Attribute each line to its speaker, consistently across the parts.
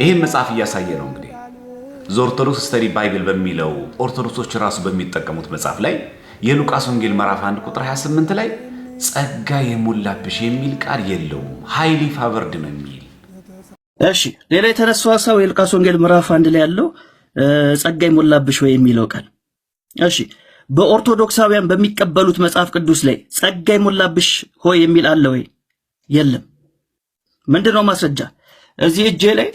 Speaker 1: ይህን መጽሐፍ እያሳየ ነው እንግዲህ ዘኦርቶዶክስ ስተዲ ባይብል በሚለው ኦርቶዶክሶች ራሱ በሚጠቀሙት መጽሐፍ ላይ የሉቃስ ወንጌል ምዕራፍ 1 ቁጥር 28 ላይ ጸጋ የሞላብሽ የሚል ቃል የለውም። ሃይሊ ፋቨርድ ነው የሚል
Speaker 2: እሺ። ሌላ የተረሳው ሀሳብ የሉቃስ ወንጌል ምዕራፍ አንድ ላይ ያለው ጸጋ የሞላብሽ ወይ የሚለው ቃል እሺ፣ በኦርቶዶክሳውያን በሚቀበሉት መጽሐፍ ቅዱስ ላይ ጸጋ የሞላብሽ ሆይ የሚል አለ ወይ? የለም። ምንድን ነው ማስረጃ? እዚህ እጄ ላይ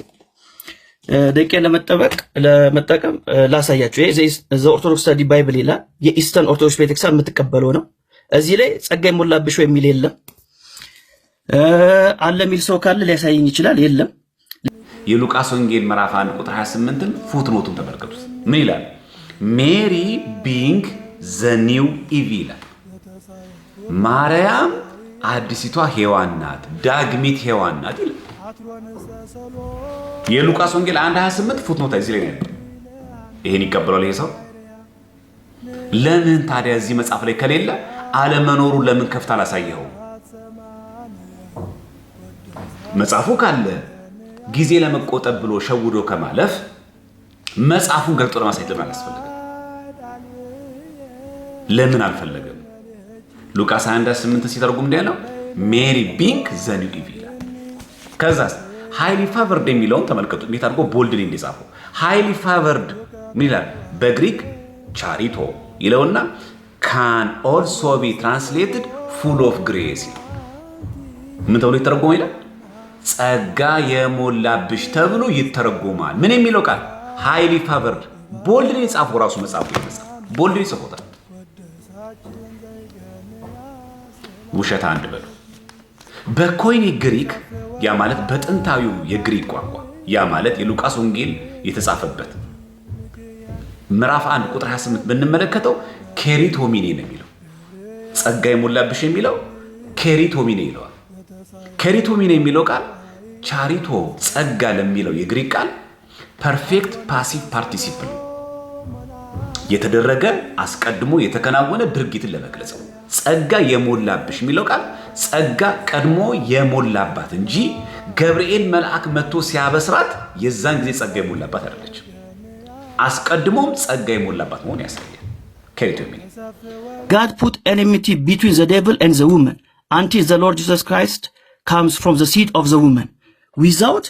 Speaker 2: ደቄ ለመጠበቅ ለመጠቀም ላሳያችሁ። ይሄ ኦርቶዶክስ ስታዲ ባይብል ይላል። የኢስተርን ኦርቶዶክስ ቤተክርስቲያን የምትቀበለው ነው። እዚህ ላይ ጸጋ ይሞላብሽ ወይ የሚል የለም። አለ የሚል ሰው ካለ ሊያሳየኝ ይችላል። የለም።
Speaker 1: የሉቃስ ወንጌል ምዕራፍ 1 ቁጥር 28ን ፉትኖቱን ተመልከቱት። ምን ይላል? ሜሪ ቢንግ ዘኒው ኢቭ ይላል። ማርያም አዲሲቷ ሔዋን ናት፣ ዳግሚት ሔዋን ናት ይላል። የሉቃስ ወንጌል አንድ 28 ፉትኖታ እዚህ ላይ ይሄን ይቀበላል ይሄ ሰው። ለምን ታዲያ እዚህ መጽሐፍ ላይ ከሌለ አለመኖሩ ለምን ከፍታ አላሳየኸው? መጽሐፉ ካለ ጊዜ ለመቆጠብ ብሎ ሸውዶ ከማለፍ መጽሐፉን ገልጦ ለማሳየት ለምን አላስፈለገም? ለምን አልፈለገም? ሉቃስ 1 8 ሲተርጉም እንዲህ ሜሪ ቢንክ ዘኒው ኢቪ ከዛስ ሃይሊ ፋቨርድ የሚለውን ተመልከቱ። እንዴት አድርጎ ቦልድሊ እንደጻፈው ሃይሊ ፋቨርድ ምን ይላል? በግሪክ ቻሪቶ ይለውና ካን ኦልሶ ቢ ትራንስሌትድ ፉል ኦፍ ግሬስ ምን ተብሎ ይተረጎመ ይላል? ጸጋ የሞላብሽ ተብሎ ይተረጎማል። ምን የሚለው ቃል ሃይሊ ፋቨርድ ቦልድሊ የጻፈው ራሱ መጽሐፉ ይመጻፍ ቦልድ ይጽፎታል። ውሸት አንድ በሉ በኮይኔ ግሪክ ያ ማለት በጥንታዊው የግሪክ ቋንቋ ያ ማለት የሉቃስ ወንጌል የተጻፈበት ምዕራፍ 1 ቁጥር 28 ብንመለከተው ኬሪቶሚኔ ነው የሚለው። ጸጋ የሞላብሽ የሚለው ኬሪቶሚኔ ይለዋል። ኬሪቶሚኔ የሚለው ቃል ቻሪቶ ጸጋ ለሚለው የግሪክ ቃል ፐርፌክት ፓሲቭ ፓርቲሲፕል የተደረገ አስቀድሞ የተከናወነ ድርጊትን ለመግለጽ ነው። ጸጋ የሞላብሽ የሚለው ቃል ጸጋ ቀድሞ የሞላባት እንጂ ገብርኤል መልአክ መጥቶ ሲያበስራት የዛን ጊዜ ጸጋ የሞላባት አይደለች። አስቀድሞም ጸጋ የሞላባት መሆን ያሳያል። ከኢትዮጵያ
Speaker 3: ጋድ ፑት ኤኒሚቲ ቢትዊን ዘ ዴቭል ኤንድ ዘ ውመን አንቲል ዘ ሎርድ ጂሰስ ክራይስት ካምስ ፍሮም ዘ ሲድ ኦፍ ዘ ውመን ዊዛውት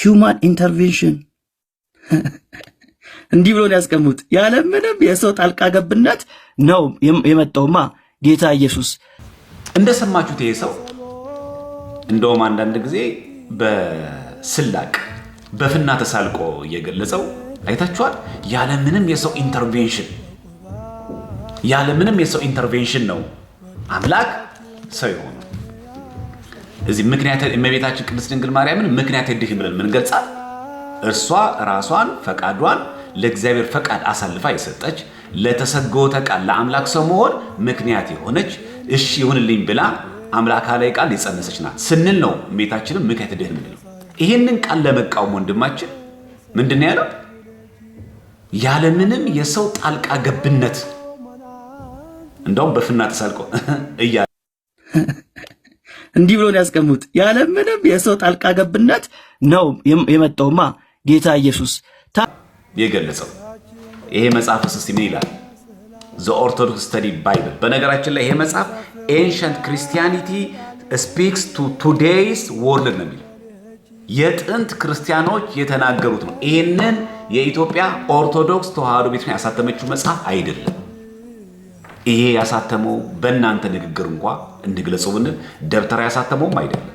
Speaker 3: ሂውማን ኢንተርቬንሽን እንዲህ ብሎን ያስቀምጡት ያለምንም የሰው ጣልቃ ገብነት ነው የመጣውማ ጌታ ኢየሱስ
Speaker 1: እንደሰማችሁት ይሄ ሰው እንደውም አንዳንድ ጊዜ በስላቅ በፍና ተሳልቆ እየገለጸው አይታችኋል። ያለምንም የሰው ኢንተርቬንሽን ያለምንም የሰው ኢንተርቬንሽን ነው አምላክ ሰው የሆነው። እዚህ ምክንያት እመቤታችን ቅድስት ድንግል ማርያምን ምክንያት ድህ ብለን ምንገልጻል እርሷ ራሷን ፈቃዷን ለእግዚአብሔር ፈቃድ አሳልፋ የሰጠች ለተሰጎተ ቃል ለአምላክ ሰው መሆን ምክንያት የሆነች እሺ ይሁንልኝ ብላ አምላካ ላይ ቃል የጸነሰች ናት ስንል ነው። እመቤታችንም ምክንያት ድህን ምንድን ይህንን ቃል ለመቃወም ወንድማችን ምንድን ያለው? ያለምንም የሰው ጣልቃ ገብነት እንደውም በፍና ተሳልቆ እያ
Speaker 3: እንዲህ ብሎ ያስቀሙት ያለምንም የሰው ጣልቃ ገብነት ነው የመጣውማ ጌታ ኢየሱስ
Speaker 1: የገለጸው። ይሄ መጽሐፍ ስስ ምን ይላል? ዘ ኦርቶዶክስ ስተዲ ባይብል። በነገራችን ላይ ይሄ መጽሐፍ ኤንሸንት ክሪስቲያኒቲ ስፒክስ ቱ ቱዴይስ ወርልድ ነው የሚለው የጥንት ክርስቲያኖች የተናገሩት ነው። ይህንን የኢትዮጵያ ኦርቶዶክስ ተዋህዶ ቤተክርስቲያን ያሳተመችው መጽሐፍ አይደለም። ይሄ ያሳተመው በእናንተ ንግግር እንኳ እንግለጹ ብንል ደብተራ ያሳተመውም አይደለም።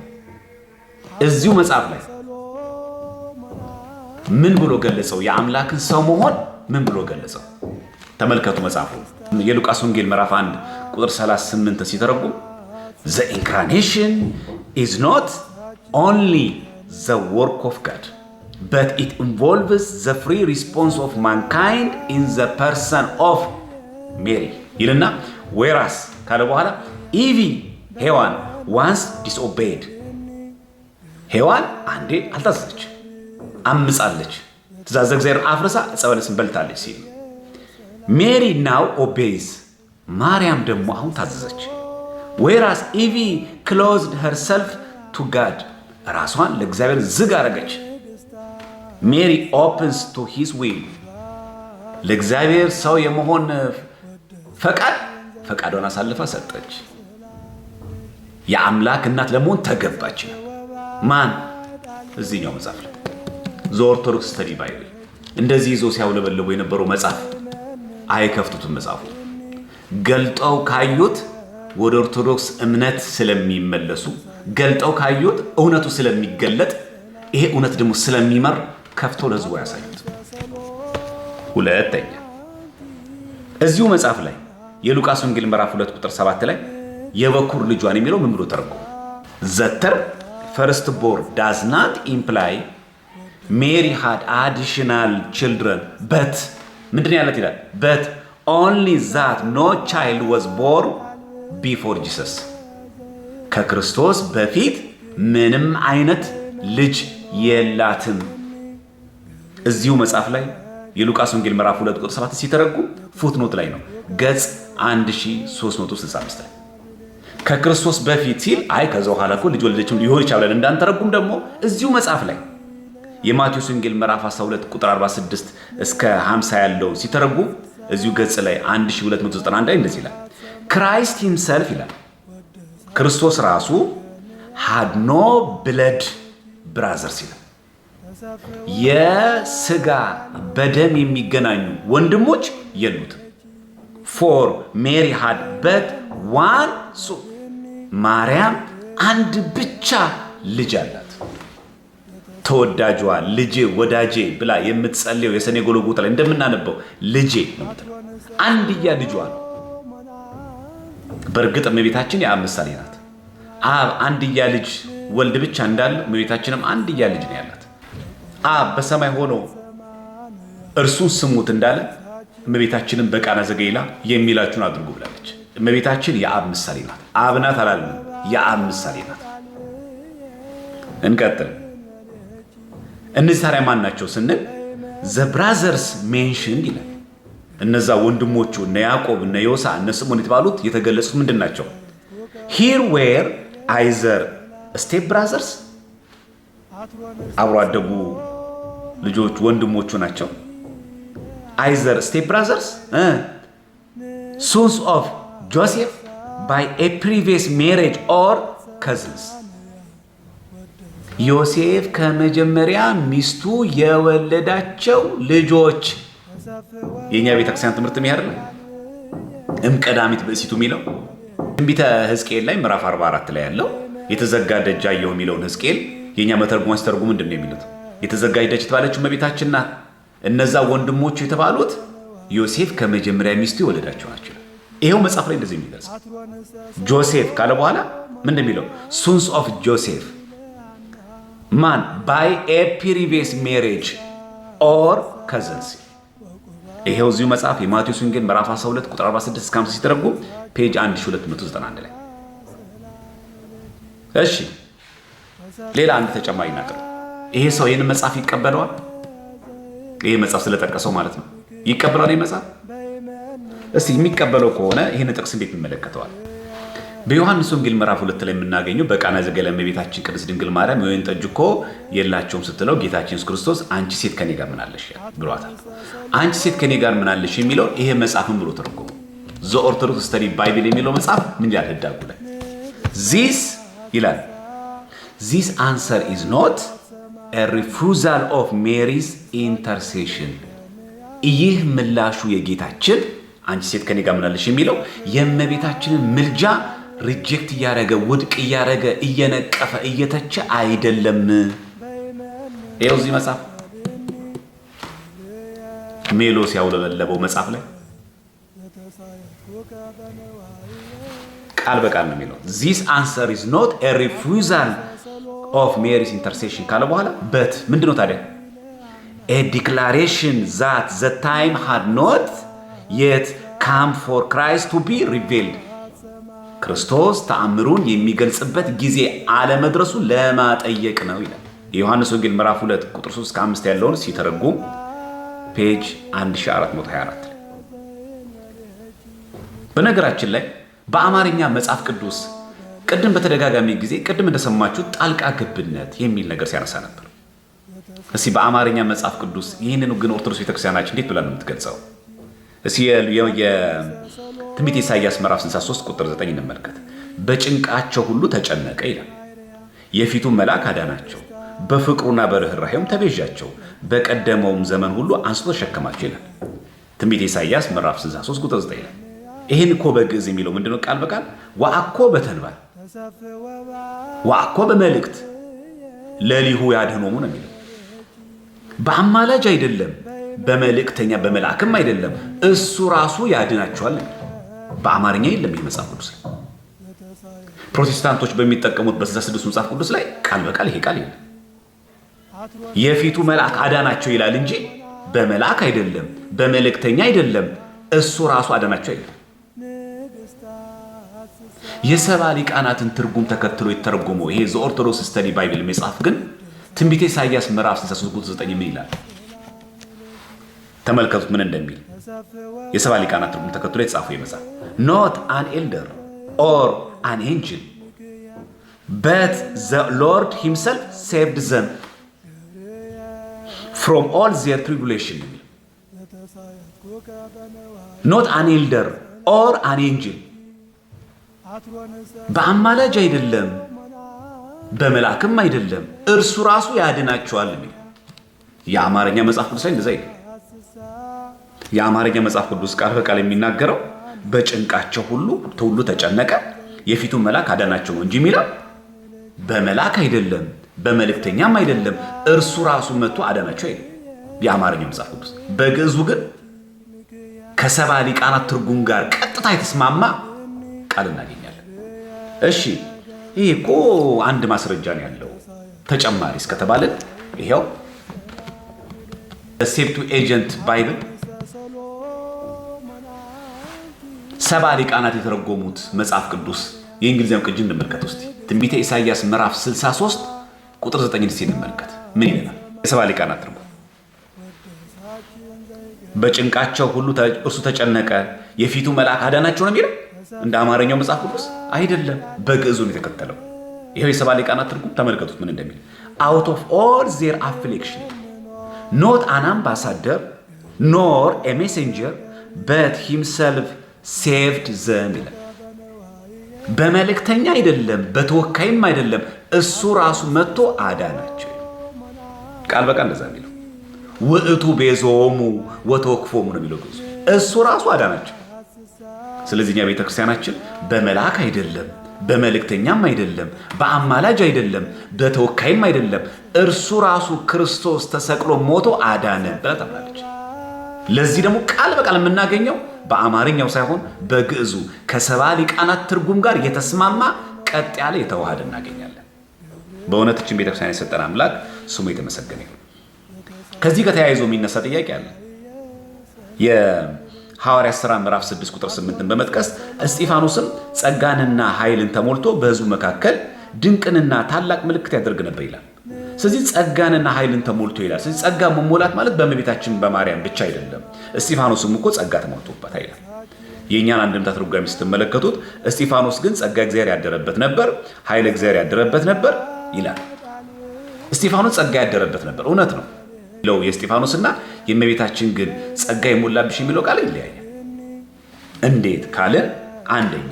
Speaker 1: እዚሁ መጽሐፍ ላይ ምን ብሎ ገለጸው? የአምላክን ሰው መሆን ምን ብሎ ገለጸው? ተመልከቱ መጽሐፉ የሉቃስ ወንጌል ምዕራፍ 1 ቁጥር 38 ሲተረጉም ዘ ኢንካርኔሽን ኢዝ ኖት ኦንሊ ዘ ወርክ ኦፍ ጋድ በት ኢት ኢንቮልቭስ ዘ ፍሪ ሪስፖንስ ኦፍ ማንካይንድ ኢን ዘ ፐርሰን ኦፍ ሜሪ ይልና ዌራስ ካለ በኋላ ኢቪ ሄዋን ዋንስ ዲስኦቤድ ሄዋን አንዴ አልታዘዘች፣ አምፃለች ትእዛዘ እግዚአብሔርን አፍርሳ ዕፀ በለስን በልታለች ሲል ሜሪ ናው ኦቤይስ ማርያም ደግሞ አሁን ታዘዘች። ወይራስ ኢቪ ክሎዝድ ሄርሰልፍ ቱ ጋድ ራሷን ለእግዚአብሔር ዝግ አረገች። ሜሪ ኦፕንስ ቱ ሂስ ዊል ለእግዚአብሔር ሰው የመሆን ፈቃድ ፈቃዷን አሳልፋ ሰጠች። የአምላክ እናት ለመሆን ተገባች። ማን እዚህኛው መጽሐፍ ላይ ዘ ኦርቶዶክስ ስተዲ ባይብል እንደዚህ ይዞ ሲያውለበለቡ የነበረው መጽሐፍ አይከፍቱትም። መጽሐፉ ገልጠው ካዩት ወደ ኦርቶዶክስ እምነት ስለሚመለሱ ገልጠው ካዩት እውነቱ ስለሚገለጥ ይሄ እውነት ደግሞ ስለሚመር ከፍተው ለህዝቡ ያሳዩት። ሁለተኛ እዚሁ መጽሐፍ ላይ የሉቃስ ወንጌል ምዕራፍ 2 ቁጥር 7 ላይ የበኩር ልጇን የሚለው ምን ብሎ ተርጎ ዘተር ፈርስት ቦር ዳዝ ናት ኢምፕላይ ሜሪ ሃድ አዲሽናል ችልድረን በት ምንድን ያለት ይላል በት ኦንሊ ዛት ኖ ቻይልድ ወዝ ቦር ቢፎር ጂሰስ ከክርስቶስ በፊት ምንም አይነት ልጅ የላትም። እዚሁ መጽሐፍ ላይ የሉቃስ ወንጌል ምዕራፍ 2 ቁጥር 7 ሲተረጉም ፉትኖት ላይ ነው፣ ገጽ 1365 ላይ ከክርስቶስ በፊት ሲል አይ ከዛ በኋላ እኮ ልጅ ወለደችም ሊሆን ይቻላል እንዳንተረጉም ደግሞ እዚሁ መጽሐፍ ላይ የማቴዎስ ወንጌል ምዕራፍ 12 ቁጥር 46 እስከ 50 ያለው ሲተረጉ እዚሁ ገጽ ላይ 1291 ላይ እንደዚህ ይላል ክራይስት ሂምሰልፍ ይላል ክርስቶስ ራሱ ሃድ ኖ ብለድ ብራዘርስ ይላል የስጋ በደም የሚገናኙ ወንድሞች የሉትም። ፎር ሜሪ ሃድ በት ዋን ሱ ማርያም አንድ ብቻ ልጅ አላት። ተወዳጇ ልጄ ወዳጄ ብላ የምትጸልየው የሰኔ ጎልጎታ ላይ እንደምናነበው ልጄ ነው የምትለው። አንድያ ልጇ ነው። በእርግጥ እመቤታችን የአብ ምሳሌ ናት። አብ አንድያ ልጅ ወልድ ብቻ እንዳለ እመቤታችንም አንድያ ልጅ ነው ያላት። አብ በሰማይ ሆኖ እርሱን ስሙት እንዳለ እመቤታችንም በቃና ዘገሊላ የሚላችሁን አድርጉ ብላለች። እመቤታችን የአብ ምሳሌ ናት። አብ ናት አላልንም፣ የአብ ምሳሌ ናት። እንቀጥል። እነዚህ ታዲያ ማን ናቸው ስንል ዘ ብራዘርስ ሜንሽንድ ይላል። እነዛ ወንድሞቹ እነ ያዕቆብ እነ ዮሳ እነ ስምዖን የተባሉት የተገለጹት ምንድን ናቸው? ሂር ዌር አይዘር ስቴፕ ብራዘርስ አብሮ አደጉ ልጆች ወንድሞቹ ናቸው። አይዘር ስቴፕ ብራዘርስ ሶንስ ኦፍ ጆሴፍ ባይ ኤ ፕሪቪየስ ሜሬጅ ኦር ከዝንስ ዮሴፍ ከመጀመሪያ ሚስቱ የወለዳቸው ልጆች የእኛ ቤተክርስቲያን ትምህርት ሚሄር ነው። እምቀዳሚት ብእሲቱ የሚለው ትንቢተ ህዝቅኤል ላይ ምዕራፍ 44 ላይ ያለው የተዘጋ ደጅ አየሁ የሚለውን ህዝቅኤል የእኛ መተርጉማን ሲተርጉ ምንድን ነው የሚሉት? የተዘጋች ደጅ የተባለችው እመቤታችን ናት። እነዛ ወንድሞቹ የተባሉት ዮሴፍ ከመጀመሪያ ሚስቱ የወለዳቸው ናቸው። ይሄው መጽሐፍ ላይ እንደዚህ የሚገልጽ ጆሴፍ ካለ በኋላ ምንድን የሚለው ሱንስ ኦፍ ጆሴፍ ማን ባይ ኤ ሜሬጅ ኦር ከዘንሲ። ይሄው እዚሁ መጽሐፍ የማቴዎስ ወንጌል ምዕራፍ 12 ቁጥር 46 እስከ 50 ሲተረጉም ፔጅ 1291 ላይ። እሺ ሌላ አንድ ተጨማሪ ናቅር። ይሄ ሰው ይህን መጽሐፍ ይቀበለዋል? ይሄ መጽሐፍ ስለጠቀሰው ማለት ነው። ይቀበላል ይህ መጽሐፍ? እስቲ የሚቀበለው ከሆነ ይህን ጥቅስ እንዴት ይመለከተዋል? በዮሐንስ ወንጌል ምዕራፍ ሁለት ላይ የምናገኘው በቃና ዘገለመ ቤታችን ቅድስት ድንግል ማርያም የወይን ጠጅ እኮ የላቸውም ስትለው ጌታችን ኢየሱስ ክርስቶስ አንቺ ሴት ከኔ ጋር ምናለሽ ብሏታል። አንቺ ሴት ከኔ ጋር ምናለሽ የሚለው ይሄ መጽሐፍን ብሎ ተረጎሙ። ዘ ኦርቶዶክስ ስተዲ ባይብል የሚለው መጽሐፍ ምን ይላል? ህዳጉ ላይ ዚስ ይላል ዚስ አንሰር ኢዝ ኖት ሪፉዛል ኦፍ ሜሪስ ኢንተርሴሽን። ይህ ምላሹ የጌታችን አንቺ ሴት ከኔ ጋር ምናለሽ የሚለው የእመቤታችንን ምልጃ ሪጀክት እያደረገ ውድቅ እያደረገ እየነቀፈ እየተቸ አይደለም። ይኸው እዚህ መጽሐፍ ሜሎ ሲያውለበለበው መጽሐፍ ላይ ቃል በቃል ነው የሚለው ዚስ አንሰር ኢዝ ኖት ሪፉዛል ኦፍ ሜሪስ ኢንተርሴሽን ካለ በኋላ በት ምንድን ነው ታዲያ ዲክላሬሽን ዛት ዘ ታይም ሃድ ኖት የት ካም ፎር ክራይስት ቱ ቢ ሪቬልድ ክርስቶስ ተአምሩን የሚገልጽበት ጊዜ አለመድረሱ ለማጠየቅ ነው ይላል። የዮሐንስ ወንጌል ምዕራፍ 2 ቁጥር 3 እስከ 5 ያለውን ሲተረጉም ፔጅ 1424 በነገራችን ላይ በአማርኛ መጽሐፍ ቅዱስ ቅድም በተደጋጋሚ ጊዜ ቅድም እንደሰማችሁ ጣልቃ ገብነት የሚል ነገር ሲያነሳ ነበር። እስኪ በአማርኛ መጽሐፍ ቅዱስ ይህንን ግን ኦርቶዶክስ ቤተክርስቲያናችን እንዴት ብለን ነው የምትገልጸው? እስኪ ትንቢት ኢሳይያስ ምዕራፍ 63 ቁጥር 9 እንመልከት። በጭንቃቸው ሁሉ ተጨነቀ ይላል። የፊቱ መልአክ አዳናቸው፣ በፍቅሩና በርኅራኄውም ተቤዣቸው፣ በቀደመውም ዘመን ሁሉ አንስቶ ተሸከማቸው ይላል። ትንቢት ኢሳይያስ ምዕራፍ 63 ቁጥር 9 ይላል። ይህን እኮ በግዕዝ የሚለው ምንድነው? ቃል በቃል ዋአኮ በተንባል ዋአኮ በመልእክት ለሊሁ ያድኅኖሙ ነው የሚለው። በአማላጅ አይደለም፣ በመልእክተኛ በመልአክም አይደለም፣ እሱ ራሱ ያድናቸዋል። በአማርኛ የለም ይህ መጽሐፍ ቅዱስ ላይ። ፕሮቴስታንቶች በሚጠቀሙት በስልሳ ስድስቱ መጽሐፍ ቅዱስ ላይ ቃል በቃል ይሄ ቃል የለም። የፊቱ መልአክ አዳናቸው ይላል እንጂ በመልአክ አይደለም፣ በመልእክተኛ አይደለም። እሱ ራሱ አዳናቸው አይደለም። የሰባ ሊቃናትን ትርጉም ተከትሎ የተረጎመው ይሄ ዘኦርቶዶክስ ስተዲ ባይብል መጽሐፍ ግን ትንቢተ ኢሳያስ ምዕራፍ 63 ቁጥር 9 ምን ይላል? ተመልከቱት ምን እንደሚል የሰባ ሊቃናት ትርጉም ተከትሎ የተጻፈው የመጽሐፍ not an elder or an angel, but the Lord Himself saved them from all their tribulation. Not an elder or an angel. በአማላጅ አይደለም፣ በመላክም አይደለም፣ እርሱ ራሱ ያድናቸዋል የሚል የአማርኛ መጽሐፍ ቅዱስ ላይ እንደዛ የአማርኛ መጽሐፍ ቅዱስ ቃል በቃል የሚናገረው በጭንቃቸው ሁሉ ሁሉ ተጨነቀ፣ የፊቱ መልአክ አዳናቸው እንጂ የሚለው በመልአክ አይደለም፣ በመልእክተኛም አይደለም። እርሱ ራሱ መጥቶ አዳናቸው ይል የአማርኛው መጽሐፍ ቅዱስ። በግዕዙ ግን ከሰባ ሊቃናት ትርጉም ጋር ቀጥታ የተስማማ ቃል እናገኛለን። እሺ ይህ እኮ አንድ ማስረጃ ነው ያለው ተጨማሪ እስከተባለን ይኸው ሴፕቱ ኤጀንት ባይብል ሰባ ሊቃናት የተረጎሙት መጽሐፍ ቅዱስ የእንግሊዝኛው ቅጅ እንመልከት። ውስጥ ትንቢተ ኢሳይያስ ምዕራፍ 63 ቁጥር 9 ስ እንመልከት። ምን ይለናል? የሰባ ሊቃናት ትርጉ በጭንቃቸው ሁሉ እርሱ ተጨነቀ፣ የፊቱ መልአክ አዳናቸው ነው የሚለው። እንደ አማርኛው መጽሐፍ ቅዱስ አይደለም፣ በግዕዙ ነው የተከተለው። ይኸው የሰባ ሊቃናት ትርጉም ተመልከቱት ምን እንደሚል አውት ኦፍ ኦል ዜር አፍሌክሽን ኖት አን አምባሳደር ኖር ኤ ሜሴንጀር በት ሂምሰልፍ ሴቭድ ዘም ይላል። በመልእክተኛ አይደለም በተወካይም አይደለም፣ እሱ ራሱ መጥቶ አዳናቸው። ቃል በቃል እንደዛ የሚለው ውእቱ ቤዞሙ ወተወክፎሙ ነው የሚለው ግዙ። እሱ ራሱ አዳናቸው። ስለዚህ እኛ ቤተክርስቲያናችን በመልአክ አይደለም በመልእክተኛም አይደለም በአማላጅ አይደለም በተወካይም አይደለም፣ እርሱ ራሱ ክርስቶስ ተሰቅሎ ሞቶ አዳነ ብላ ታምናለች። ለዚህ ደግሞ ቃል በቃል የምናገኘው በአማርኛው ሳይሆን በግዕዙ ከሰባ ሊቃናት ትርጉም ጋር የተስማማ ቀጥ ያለ የተዋሃደ እናገኛለን። በእውነትችን ቤተክርስቲያን የሰጠን አምላክ ስሙ የተመሰገነ ይሁን። ከዚህ ጋር ተያይዞ የሚነሳ ጥያቄ አለ። የሐዋርያ ሥራ ምዕራፍ 6 ቁጥር 8 በመጥቀስ እስጢፋኖስም ጸጋንና ኃይልን ተሞልቶ በሕዝቡ መካከል ድንቅንና ታላቅ ምልክት ያደርግ ነበር ይላል። ስለዚህ ጸጋንና ኃይልን ተሞልቶ ይላል። ስለዚህ ጸጋ መሞላት ማለት በእመቤታችን በማርያም ብቻ አይደለም። እስጢፋኖስም እኮ ጸጋ ተሞልቶበታል ይላል። የእኛን አንድምታ ትርጓሜ ስትመለከቱት እስጢፋኖስ ግን ጸጋ እግዚአብሔር ያደረበት ነበር፣ ኃይል እግዚአብሔር ያደረበት ነበር ይላል። እስጢፋኖስ ጸጋ ያደረበት ነበር፣ እውነት ነው ለው የእስጢፋኖስና የእመቤታችን ግን ጸጋ የሞላብሽ የሚለው ቃል ይለያያል። እንዴት ካልን አንደኛ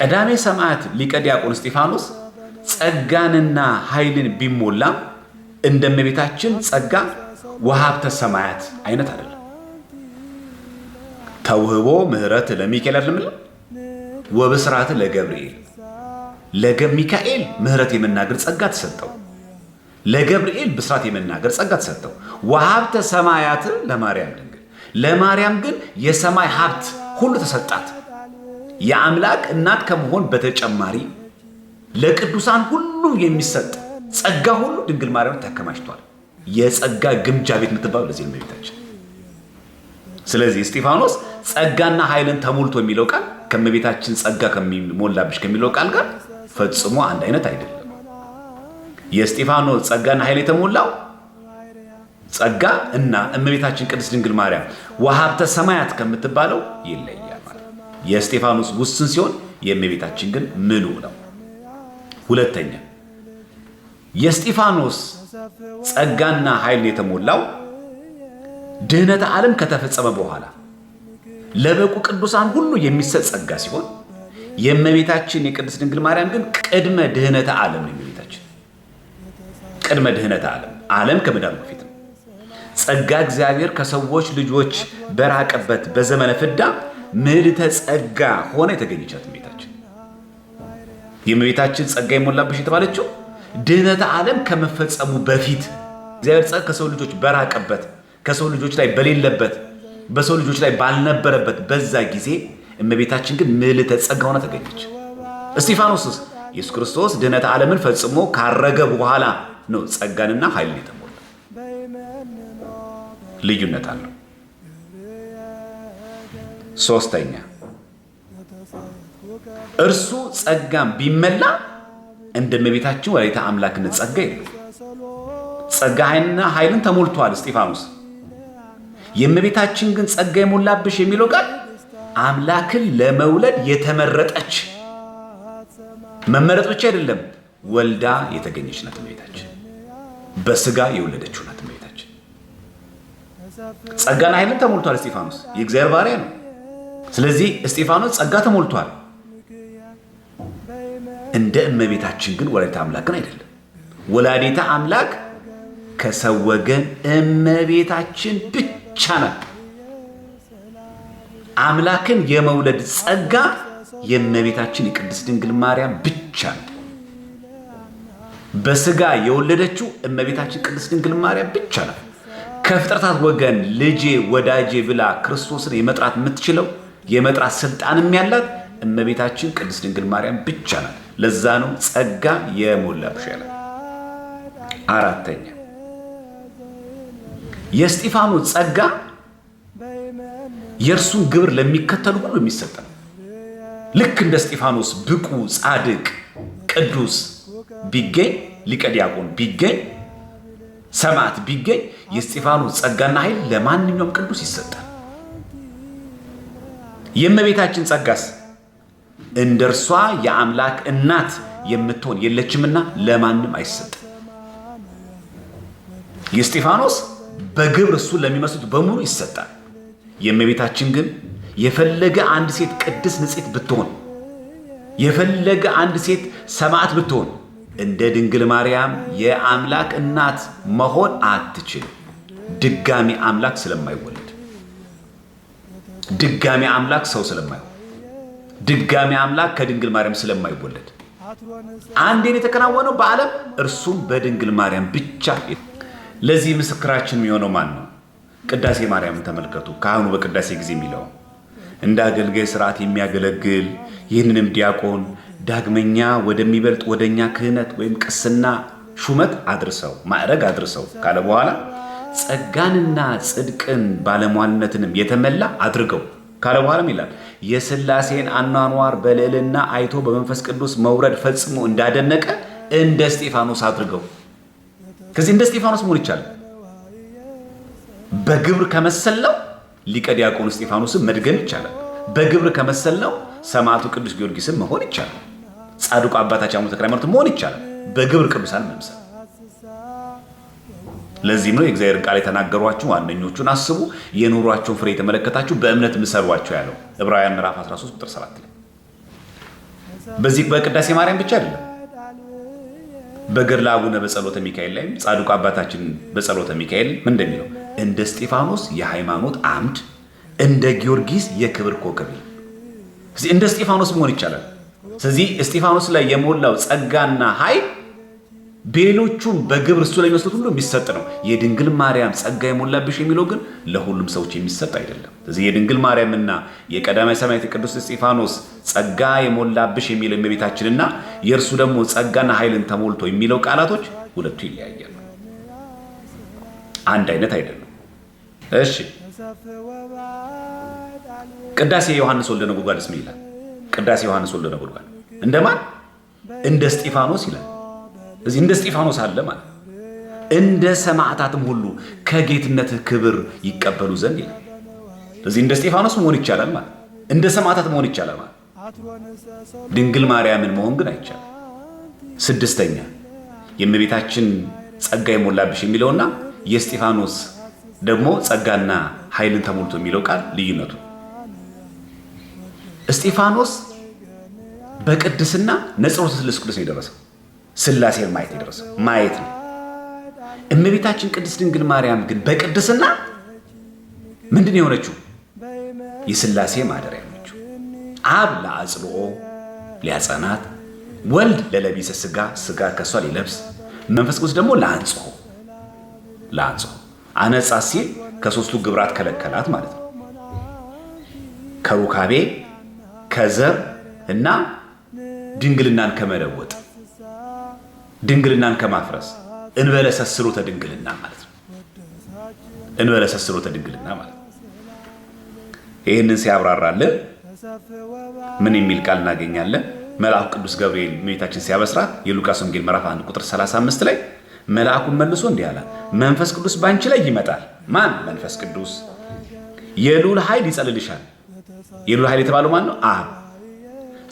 Speaker 1: ቀዳሜ ሰማዕት ሊቀ ዲያቆን እስጢፋኖስ ጸጋንና ኃይልን ቢሞላም እንደ እመቤታችን ጸጋ ወሀብተ ሰማያት አይነት አይደለም። ተውህቦ ምህረት ለሚካኤል አይደለም ወብስራት ለገብርኤል ለሚካኤል ምህረት የመናገር ጸጋ ተሰጠው፣ ለገብርኤል ብስራት የመናገር ጸጋ ተሰጠው። ወሀብተ ሰማያት ለማርያም ድንግል፣ ለማርያም ግን የሰማይ ሀብት ሁሉ ተሰጣት የአምላክ እናት ከመሆን በተጨማሪ ለቅዱሳን ሁሉ የሚሰጥ ጸጋ ሁሉ ድንግል ማርያም ተከማችቷል። የጸጋ ግምጃ ቤት የምትባለው ለዚህ ነው ቤታችን። ስለዚህ እስጢፋኖስ ጸጋና ኃይልን ተሞልቶ የሚለው ቃል ከእመቤታችን ጸጋ ከሚሞላብሽ ከሚለው ቃል ጋር ፈጽሞ አንድ አይነት አይደለም። የእስጢፋኖስ ጸጋና ኃይል የተሞላው ጸጋ እና እመቤታችን ቅድስት ድንግል ማርያም ወሀብተ ሰማያት ከምትባለው ይለያል የእስጢፋኖስ ውስን ሲሆን የእመቤታችን ግን ምኑ ነው። ሁለተኛ የእስጢፋኖስ ጸጋና ኃይልን የተሞላው ድህነተ ዓለም ከተፈጸመ በኋላ ለበቁ ቅዱሳን ሁሉ የሚሰጥ ጸጋ ሲሆን የእመቤታችን የቅድስት ድንግል ማርያም ግን ቅድመ ድህነተ ዓለም ነው። የእመቤታችን ቅድመ ድህነተ ዓለም ዓለም ከመዳኑ በፊት ነው። ጸጋ እግዚአብሔር ከሰዎች ልጆች በራቀበት በዘመነ ፍዳ ምድተ ጸጋ ሆነ የተገኘቻት የእመቤታችን ጸጋ የሞላብሽ የተባለችው ድህነተ ዓለም ከመፈጸሙ በፊት እግዚአብሔር ጸጋ ከሰው ልጆች በራቀበት ከሰው ልጆች ላይ በሌለበት በሰው ልጆች ላይ ባልነበረበት በዛ ጊዜ እመቤታችን ግን ምልዕተ ጸጋ ሆና ተገኘች። እስጢፋኖስስ ኢየሱስ ክርስቶስ ድህነተ ዓለምን ፈጽሞ ካረገ በኋላ ነው ጸጋንና ኃይልን የተሞላ። ልዩነት አለው። ሶስተኛ እርሱ ጸጋም ቢመላ እንደ እመቤታችን ወላዲተ አምላክነት ጸጋ የለም። ጸጋ ኃይልን ተሞልቷል እስጢፋኖስ። የእመቤታችን ግን ጸጋ የሞላብሽ የሚለው ቃል አምላክን ለመውለድ የተመረጠች መመረጥ ብቻ አይደለም፣ ወልዳ የተገኘች ናት እመቤታችን። በስጋ የወለደችው ናት እመቤታችን። ጸጋና ኃይልን ተሞልቷል እስጢፋኖስ። የእግዚአብሔር ባሪያ ነው። ስለዚህ እስጢፋኖስ ጸጋ ተሞልቷል። እንደ እመቤታችን ግን ወላዲተ አምላክን አይደለም። ወላዲተ አምላክ ከሰው ወገን እመቤታችን ብቻ ናት። አምላክን የመውለድ ጸጋ የእመቤታችን የቅድስት ድንግል ማርያም ብቻ ነው። በስጋ የወለደችው እመቤታችን ቅድስት ድንግል ማርያም ብቻ ነው። ከፍጥረታት ወገን ልጄ ወዳጄ ብላ ክርስቶስን የመጥራት የምትችለው የመጥራት ስልጣንም ያላት እመቤታችን ቅድስት ድንግል ማርያም ብቻ ናት። ለዛ ነው ጸጋ የሞላብሽ ያለ። አራተኛ የእስጢፋኖስ ጸጋ የእርሱን ግብር ለሚከተሉ ሁሉ የሚሰጠ ነው። ልክ እንደ እስጢፋኖስ ብቁ ጻድቅ ቅዱስ ቢገኝ ሊቀ ዲያቆን ቢገኝ ሰማዕት ቢገኝ የእስጢፋኖስ ጸጋና ኃይል ለማንኛውም ቅዱስ ይሰጣል። የእመቤታችን ጸጋስ እንደ እርሷ የአምላክ እናት የምትሆን የለችምና ለማንም አይሰጥም። የእስጢፋኖስ በግብር እሱ ለሚመስሉት በሙሉ ይሰጣል። የእመቤታችን ግን የፈለገ አንድ ሴት ቅድስት ንጽሕት ብትሆን የፈለገ አንድ ሴት ሰማዕት ብትሆን እንደ ድንግል ማርያም የአምላክ እናት መሆን አትችልም። ድጋሚ አምላክ ስለማይወለድ ድጋሚ አምላክ ሰው ስለማይሆን ድጋሚ አምላክ ከድንግል ማርያም ስለማይወለድ አንዴን የተከናወነው በዓለም እርሱም በድንግል ማርያም ብቻ። ለዚህ ምስክራችን የሚሆነው ማን ነው? ቅዳሴ ማርያም ተመልከቱ። ካህኑ በቅዳሴ ጊዜ የሚለው እንደ አገልጋይ ስርዓት የሚያገለግል ይህንንም ዲያቆን ዳግመኛ ወደሚበልጥ ወደ እኛ ክህነት ወይም ቅስና ሹመት አድርሰው ማዕረግ አድርሰው ካለ በኋላ ጸጋንና ጽድቅን ባለሟልነትንም የተመላ አድርገው ካለ በኋላም ይላል የስላሴን አኗኗር በልዕልና አይቶ በመንፈስ ቅዱስ መውረድ ፈጽሞ እንዳደነቀ እንደ እስጢፋኖስ አድርገው። ከዚህ እንደ እስጢፋኖስ መሆን ይቻላል። በግብር ከመሰለው ሊቀ ዲያቆኑ እስጢፋኖስን መድገም ይቻላል። በግብር ከመሰለው ሰማዕቱ ቅዱስ ጊዮርጊስን መሆን ይቻላል። ጻድቁ አባታችን አቡነ ተክለ ሃይማኖት መሆን ይቻላል። በግብር ቅዱሳን መምሰል ለዚህም ነው የእግዚአብሔር ቃል የተናገሯችሁ ዋነኞቹን አስቡ፣ የኑሯቸውን ፍሬ የተመለከታችሁ በእምነት ምሰሯቸው ያለው ዕብራውያን ምዕራፍ 13 ቁጥር 7 ላይ። በዚህ በቅዳሴ ማርያም ብቻ አይደለም፣ በገድለ አቡነ በጸሎተ ሚካኤል ላይም ጻድቁ አባታችን በጸሎተ ሚካኤል እንደሚለው እንደ እስጢፋኖስ የሃይማኖት አምድ፣ እንደ ጊዮርጊስ የክብር ኮከብ። እንደ እስጢፋኖስ መሆን ይቻላል። ስለዚህ እስጢፋኖስ ላይ የሞላው ጸጋና ኃይል ቤሎቹ በግብር እሱ ለሚመስሉት ሁሉ የሚሰጥ ነው። የድንግል ማርያም ጸጋ የሞላብሽ የሚለው ግን ለሁሉም ሰዎች የሚሰጥ አይደለም። ስለዚህ የድንግል ማርያምና የቀዳማዊ ሰማዕት ቅዱስ እስጢፋኖስ ጸጋ የሞላብሽ የሚለው እመቤታችንና የእርሱ ደግሞ ጸጋና ኃይልን ተሞልቶ የሚለው ቃላቶች ሁለቱ ይለያያሉ። አንድ አይነት አይደለም። እሺ ቅዳሴ ዮሐንስ ወልደ ነጎድጓድስ ይላል? ቅዳሴ ዮሐንስ ወልደ ነጎድጓድ እንደማን እንደ እስጢፋኖስ ይላል እዚህ እንደ እስጢፋኖስ አለ ማለት እንደ ሰማዕታትም ሁሉ ከጌትነት ክብር ይቀበሉ ዘንድ ይላል። እዚህ እንደ እስጢፋኖስ መሆን ይቻላል ማለት እንደ ሰማዕታት መሆን ይቻላል ማለት ድንግል ማርያምን መሆን ግን አይቻልም። ስድስተኛ የእመቤታችን ጸጋ የሞላብሽ የሚለውና የእስጢፋኖስ ደግሞ ጸጋና ኃይልን ተሞልቶ የሚለው ቃል ልዩነቱ እስጢፋኖስ በቅድስና ነጽሮተ ስልስ ቅዱስ ነው የደረሰው። ስላሴን ማየት የደረሰ ማየት ነው። እመቤታችን ቅድስት ድንግል ማርያም ግን በቅድስና ምንድን የሆነችው የስላሴ ማደሪያ ነችው። አብ ለአጽልኦ ሊያጸናት፣ ወልድ ለለቢሰ ስጋ ስጋ ከሷ ሊለብስ፣ መንፈስ ቅዱስ ደግሞ ለአንጽሆ ለአንጽሆ አነጻ ሲል ከሶስቱ ግብራት ከለከላት ማለት ነው። ከሩካቤ ከዘር እና ድንግልናን ከመለወጥ ድንግልናን ከማፍረስ እንበለሰስሮተ ድንግልና ማለት ነው። እንበለሰስሮተ ድንግልና ማለት ነው። ይህንን ሲያብራራልን ምን የሚል ቃል እናገኛለን? መልአኩ ቅዱስ ገብርኤል እመቤታችን ሲያበስራት የሉቃስ ወንጌል ምዕራፍ 1 ቁጥር 35 ላይ መልአኩን መልሶ እንዲህ አላት፣ መንፈስ ቅዱስ በአንቺ ላይ ይመጣል። ማን? መንፈስ ቅዱስ። የሉል ኃይል ይጸልልሻል። የሉል ኃይል የተባለው ማን ነው? አብ።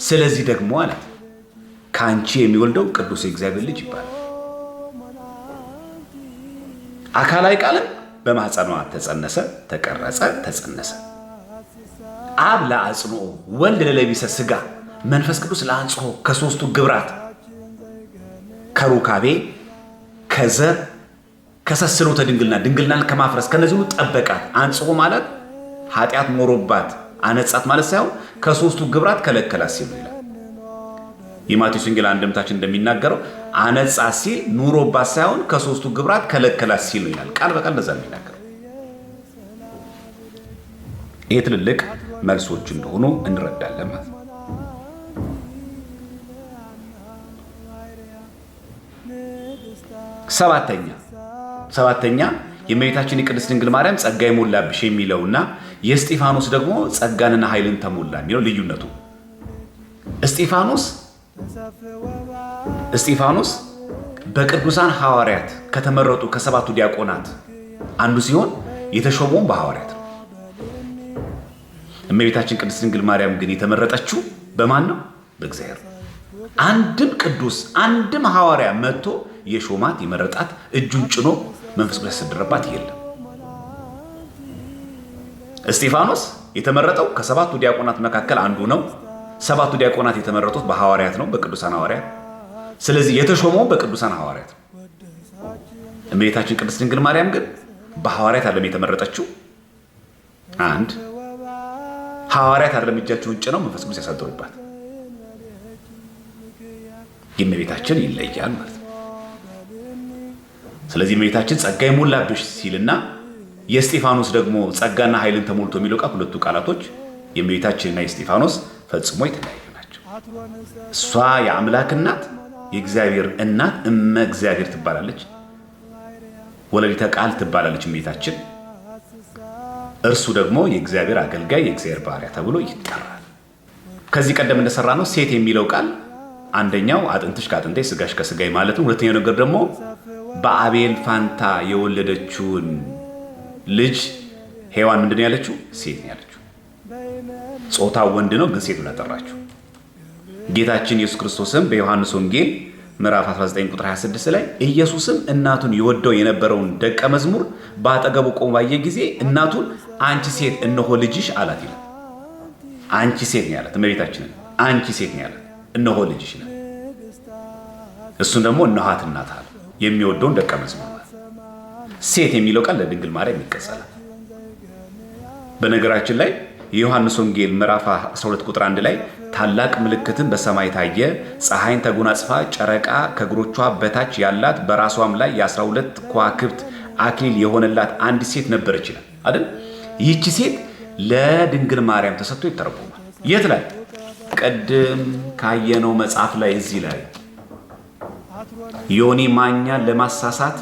Speaker 1: ስለዚህ ደግሞ አላት ከአንቺ የሚወልደው ቅዱስ የእግዚአብሔር ልጅ ይባላል። አካላዊ ቃልም በማኅፀኗ ተጸነሰ፣ ተቀረጸ፣ ተጸነሰ። አብ ለአጽንኦ፣ ወልድ ለለቢሰ ስጋ መንፈስ ቅዱስ ለአንጽሖ ከሶስቱ ግብራት ከሩካቤ ከዘር ከሰስኖተ ድንግልና ድንግልናን ከማፍረስ ከነዚህ ሁሉ ጠበቃት። አንጽሖ ማለት ኃጢአት ኖሮባት አነጻት ማለት ሳይሆን ከሶስቱ ግብራት ከለከላት ሲሉ ይላል። የማቴዎስ ወንጌል አንድምታችን እንደሚናገረው አነጻ ሲል ኑሮባት ሳይሆን ከሶስቱ ግብራት ከለከላት ሲል ነው ይላል። ቃል በቃል እንደዛ የሚናገረው ይህ ትልልቅ መልሶች እንደሆኑ እንረዳለን ማለት ሰባተኛ ሰባተኛ የእመቤታችን የቅድስት ድንግል ማርያም ጸጋ የሞላብሽ የሚለውና የእስጢፋኖስ ደግሞ ጸጋንና ኃይልን ተሞላ የሚለው ልዩነቱ እስጢፋኖስ እስጢፋኖስ በቅዱሳን ሐዋርያት ከተመረጡ ከሰባቱ ዲያቆናት አንዱ ሲሆን የተሾመውም በሐዋርያት ነው። እመቤታችን ቅድስት ድንግል ማርያም ግን የተመረጠችው በማን ነው? በእግዚአብሔር ነው። አንድም ቅዱስ አንድም ሐዋርያ መጥቶ የሾማት የመረጣት እጁን ጭኖ መንፈስ ቅዱስ ያሳደረባት የለም። እስጢፋኖስ የተመረጠው ከሰባቱ ዲያቆናት መካከል አንዱ ነው። ሰባቱ ዲያቆናት የተመረጡት በሐዋርያት ነው፣ በቅዱሳን ሐዋርያት። ስለዚህ የተሾመው በቅዱሳን ሐዋርያት ነው። እመቤታችን ቅድስት ድንግል ማርያም ግን በሐዋርያት አለም የተመረጠችው። አንድ ሐዋርያት አይደለም እጃቸውን ጭነው መንፈስ ቅዱስ ያሳድሩባት። የእመቤታችን ይለያል ማለት ነው። ስለዚህ እመቤታችን ጸጋ ይሞላብሽ ሲልና የእስጢፋኖስ ደግሞ ጸጋና ኃይልን ተሞልቶ የሚለው ቃል ሁለቱ ቃላቶች የእመቤታችንና የእስጢፋኖስ ፈጽሞ የተለያዩ ናቸው። እሷ የአምላክ እናት፣ የእግዚአብሔር እናት እመ እግዚአብሔር ትባላለች። ወለዲተ ቃል ትባላለች እመቤታችን። እርሱ ደግሞ የእግዚአብሔር አገልጋይ፣ የእግዚአብሔር ባሪያ ተብሎ ይጠራል። ከዚህ ቀደም እንደሰራ ነው ሴት የሚለው ቃል አንደኛው አጥንትሽ ከአጥንቴ ስጋሽ ከስጋይ ማለት ነው። ሁለተኛው ነገር ደግሞ በአቤል ፋንታ የወለደችውን ልጅ ሔዋን ምንድን ያለችው ሴት ያለችው ጾታ ወንድ ነው፣ ግን ሴት ብላ ጌታችን ኢየሱስ ክርስቶስም በዮሐንስ ወንጌል ምዕራፍ 19 ቁጥር 26 ላይ ኢየሱስም እናቱን የወደው የነበረውን ደቀ መዝሙር በአጠገቡ ቆሞ ባየ ጊዜ እናቱን አንቺ ሴት እነሆ ልጅሽ አላት ይላል። አንቺ ሴት ነው ያላት እመቤታችንን፣ አንቺ ሴት ነው ያላት እነሆ ልጅሽ ይላል። እሱን ደግሞ እነኋት እናት አለ የሚወደውን ደቀ መዝሙር። ሴት የሚለው ቃል ለድንግል ማርያም ይቀጸላል። በነገራችን ላይ የዮሐንስ ወንጌል ምዕራፍ 12 ቁጥር 1 ላይ ታላቅ ምልክትን በሰማይ ታየ፣ ፀሐይን ተጎናጽፋ ጨረቃ ከእግሮቿ በታች ያላት በራሷም ላይ የ12 ከዋክብት አክሊል የሆነላት አንድ ሴት ነበረች ይላል አይደል? ይህቺ ሴት ለድንግል ማርያም ተሰጥቶ ይተረጎማል። የት ላይ ቅድም ካየነው መጽሐፍ ላይ እዚህ ላይ ዮኒ ማኛ ለማሳሳት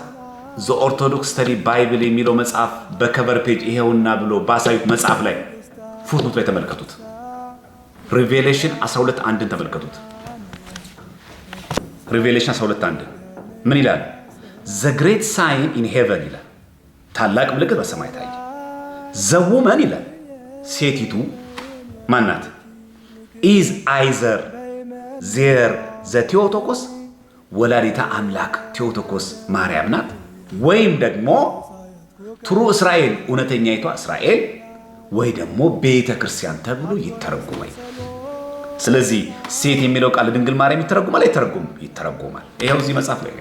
Speaker 1: ዘኦርቶዶክስ ስተዲ ባይብል የሚለው መጽሐፍ በከቨር ፔጅ ይሄውና ብሎ ባሳዩት መጽሐፍ ላይ ፉትኖት ላይ ተመልከቱት። ሪቬሌሽን 12 አንድን ተመልከቱት። ሪቬሌሽን 12 አንድን ምን ይላል? ዘ ግሬት ሳይን ኢን ሄቨን ይላል። ታላቅ ምልክት በሰማይ ታየ። ውመን ይላል ሴቲቱ ማናት? ኢዝ አይዘር ዜር ዘ ቴዎቶኮስ ወላዲታ አምላክ ቴዎቶኮስ ማርያም ናት። ወይም ደግሞ ትሩ እስራኤል እውነተኛይቷ እስራኤል ወይ ደግሞ ቤተ ክርስቲያን ተብሎ ይተረጉማል። ስለዚህ ሴት የሚለው ቃል ድንግል ማርያም ይተረጉማል አይተረጉም? ይተረጉማል። ይኸው እዚህ መጽሐፍ ላይ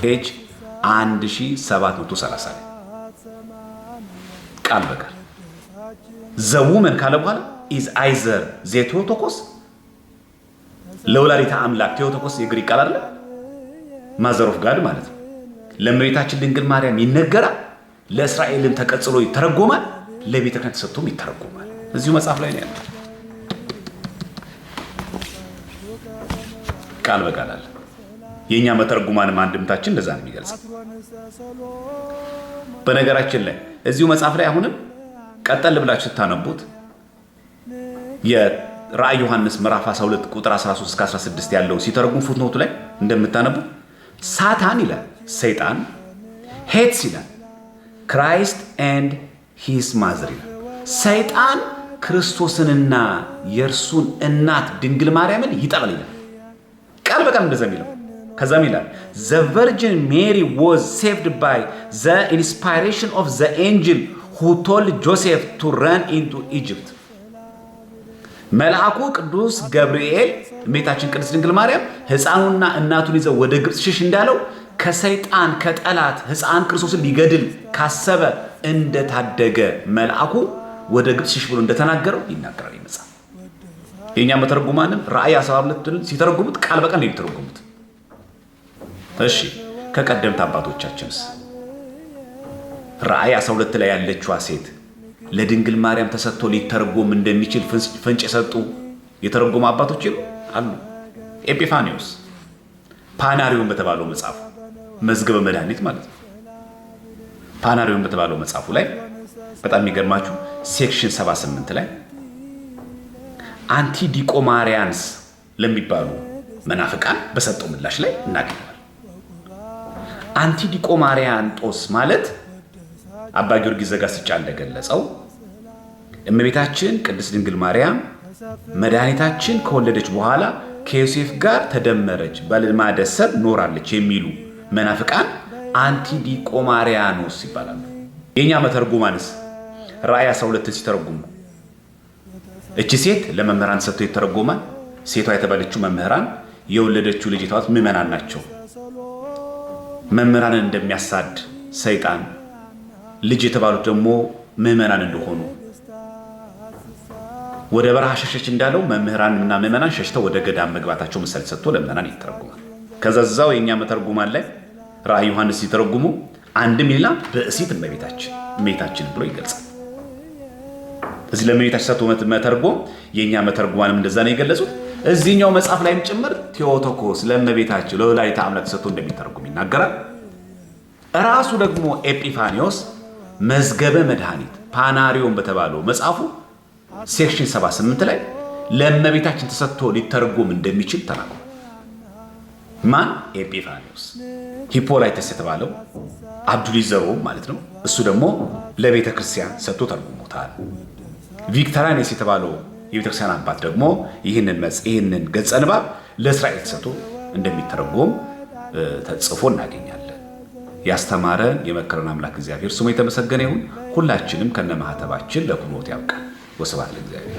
Speaker 1: ፔጅ 1730 ላይ ቃል በቃል ዘውመን ካለ በኋላ ኢዝ አይዘር ዜቴዎቶኮስ ለወላዲተ አምላክ ቴዎቶኮስ የግሪክ ቃል አለ ማዘሮፍ ጋድ ማለት ነው። ለእመቤታችን ድንግል ማርያም ይነገራል ለእስራኤልም ተቀጽሎ ይተረጎማል፣ ለቤተ ክህነት ተሰጥቶም ይተረጎማል። እዚሁ መጽሐፍ ላይ ነው ያለው። ቃል በቃል አለ። የእኛ መተርጉማንም አንድምታችን እንደዛ ነው የሚገልጽ። በነገራችን ላይ እዚሁ መጽሐፍ ላይ አሁንም ቀጠል ብላችሁ ስታነቡት የራእይ ዮሐንስ ምዕራፍ 12 ቁጥር 13 እስከ 16 ያለው ሲተረጉም ፉትኖቱ ላይ እንደምታነቡ ሳታን ይላል ሰይጣን፣ ሄትስ ይላል ክራይስት ኤንድ ሂስ ማዝር ሰይጣን ክርስቶስንና የእርሱን እናት ድንግል ማርያምን ይጠላል ይላል ቃል በቃል እንደዛ የሚለው። ከዛም ይላል ዘ ቨርጅን ሜሪ ዋዝ ሴቭድ ባይ ዘ ኢንስፓይሬሽን ኦፍ ዘ ኤንጅል ሁ ቶልድ ጆሴፍ ቱ ረን ኢንቱ ኢጅፕት። መልአኩ ቅዱስ ገብርኤል እመቤታችን ቅድስት ድንግል ማርያም ሕፃኑና እናቱን ይዘው ወደ ግብፅ ሽሽ እንዳለው ከሰይጣን ከጠላት ሕፃን ክርስቶስን ሊገድል ካሰበ እንደታደገ መልአኩ ወደ ግብፅ ሽሽ ብሎ እንደተናገረው ይናገራል ይመጻል። የእኛ መተርጉማንም ራእይ 12 ሲተረጉሙት ቃል በቃል ነው የሚተረጉሙት። እሺ ከቀደምት አባቶቻችንስ ራእይ 12 ላይ ያለችዋ ሴት ለድንግል ማርያም ተሰጥቶ ሊተረጎም እንደሚችል ፍንጭ የሰጡ የተረጎሙ አባቶች አሉ። ኤጲፋኒዎስ ፓናሪዮን በተባለው መጽሐፍ መዝገበ መድኃኒት ማለት ነው። ፓናሪዮን በተባለው መጽሐፉ ላይ በጣም የሚገርማችሁ ሴክሽን 78 ላይ አንቲ ዲቆማሪያንስ ለሚባሉ መናፍቃን በሰጠው ምላሽ ላይ እናገኘዋል። አንቲ ዲቆማሪያንጦስ ማለት አባ ጊዮርጊስ ዘጋስጫ እንደገለጸው እመቤታችን ቅድስት ድንግል ማርያም መድኃኒታችን ከወለደች በኋላ ከዮሴፍ ጋር ተደመረች፣ በልማደ ሰብ ኖራለች የሚሉ መናፍቃን አንቲዲቆማሪያኖስ ይባላሉ። የእኛ መተርጉማንስ ራእይ 12 ሲተረጉሙ እቺ ሴት ለመምህራን ሰጥቶ የተረጎመ ሴቷ የተባለችው መምህራን የወለደችው ልጅ የተዋት ምዕመናን ናቸው። መምህራንን እንደሚያሳድ ሰይጣን ልጅ የተባሉት ደግሞ ምዕመናን እንደሆኑ ወደ በረሃ ሸሸች እንዳለው መምህራንና ምዕመናን ሸሽተው ወደ ገዳም መግባታቸው ምሳሌ ሰጥቶ ለምዕመናን ይተረጉማል። ከዘዛው የእኛ መተርጉም አለ ራእይ ዮሐንስ ሲተረጉሙ አንድም ሌላ በእሲት እመቤታችን እመቤታችን ብሎ ይገልጻል። እዚህ ለእመቤታችን ሰት መተርጎም የእኛ መተርጉማንም እንደዛ ነው የገለጹት። እዚህኛው መጽሐፍ ላይም ጭምር ቴዎቶኮስ ለእመቤታችን ለወላዲተ አምላክ ሰጥቶ እንደሚተረጉም ይናገራል። ራሱ ደግሞ ኤጲፋኒዎስ መዝገበ መድኃኒት ፓናሪዮን በተባለው መጽሐፉ ሴክሽን 78 ላይ ለእመቤታችን ተሰጥቶ ሊተረጎም እንደሚችል ተናግሯል። ማን? ኤጲፋኒዎስ ሂፖላይተስ የተባለው አብዱሊዘሮ ማለት ነው። እሱ ደግሞ ለቤተ ክርስቲያን ሰጥቶ ተርጉሞታል። ቪክተራኔስ የተባለው የቤተክርስቲያን አባት ደግሞ ይህንን መጽ ይህንን ገጸ ንባብ ለእስራኤል ተሰጥቶ እንደሚተረጎም ተጽፎ እናገኛለን። ያስተማረን የመከረን አምላክ እግዚአብሔር ስሙ የተመሰገነ ይሁን። ሁላችንም ከነ ማህተባችን ለኩኖት ያብቃል። ወስብሐት ለእግዚአብሔር።